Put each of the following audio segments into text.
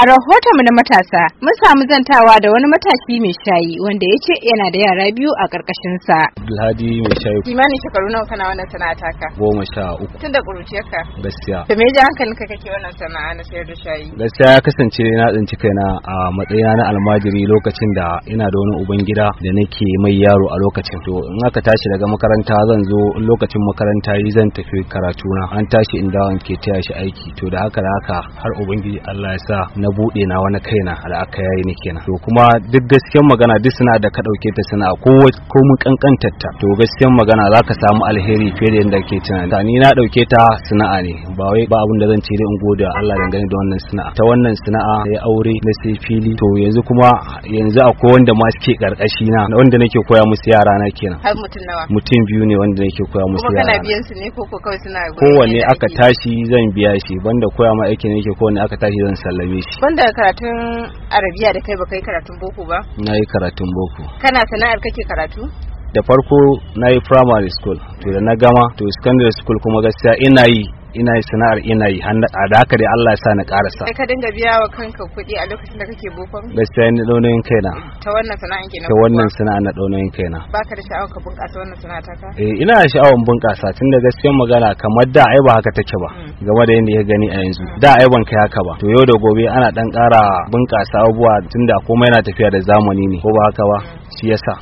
A rahoton na matasa, mun samu zantawa da wani matashi mai shayi wanda ya ce yana da yara biyu a ƙarƙashinsa. Abdulhadi mai shayi. Kimanin shekaru nawa kana wannan sana'a taka? Goma sha uku. Tun da Ka Gaskiya. To me hankalin ka kake wannan sana'a na sayar da shayi? Gaskiya ya kasance na tsinci kaina a matsayina na almajiri lokacin da ina da wani uban gida da nake mai yaro a lokacin. To in aka tashi daga makaranta zan zo lokacin makaranta yi zan tafi karatu na An tashi in wanke ke taya shi aiki. To da haka da haka har ubangiji Allah ya sa na buɗe na wani kaina da aka yayi ni kenan to kuma duk gaskiyar magana duk suna da ka ɗauke ta suna ko mun kankantar to gaskiyar magana za ka samu alheri fiye da yadda ke tunani ni na ɗauke ta sana'a ne ba wai ba abin da zan ce dai in gode Allah dangane da wannan sana'a ta wannan sana'a ya aure na sai fili to yanzu kuma yanzu akwai wanda ma suke karkashi na wanda nake koya musu yara na kenan har mutum nawa mutum biyu ne wanda nake koya musu yara kuma kana biyan su ne ko ko kawai suna kowanne aka tashi zan biya shi banda koya ma aiki nake kowanne aka tashi zan sallame shi Wanda karatun arabiya da kai baka yi karatun boko ba na yi karatun boko kana sana'ar kake karatu da farko na yi primary school to da na gama to secondary school kuma gaskiya ina yi ina yi sana'ar ina yi a da haka dai Allah ya sa na karasa sai ka dinga biya wa kanka kuɗi a lokacin da kake bokon gaskiya ni daunoyin kaina ta wannan sana'a kenan ta wannan sana'a na daunoyin kaina baka da sha'awar ka bunƙasa wannan sana'a ta ka eh ina da sha'awar bunƙasa tunda gaskiyar magana kamar da ai ba haka take ba hmm. game da yadda ya gani a yanzu da ai ban kai haka ba to yau da gobe ana dan ƙara bunƙasa abubuwa tunda komai yana tafiya da zamani ne ko ba haka ba shi sa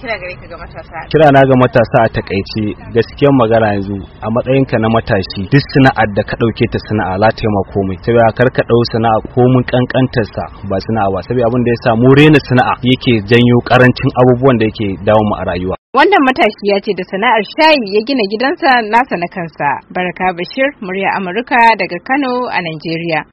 kira na ga matasa a takaice gaskiyar magana yanzu a matsayinka na matashi duk sana'ar da ka ɗauke ta sana'a za ta yi ma komai saboda kar ka ɗau sana'a komin kankantarsa ba sana'a ba saboda abin da ya samu rena sana'a yake janyo karancin abubuwan da yake dawo mu a rayuwa wannan matashi ya ce da sana'ar shayi ya gina gidansa nasa na kansa baraka bashir murya amurka daga kano a najeriya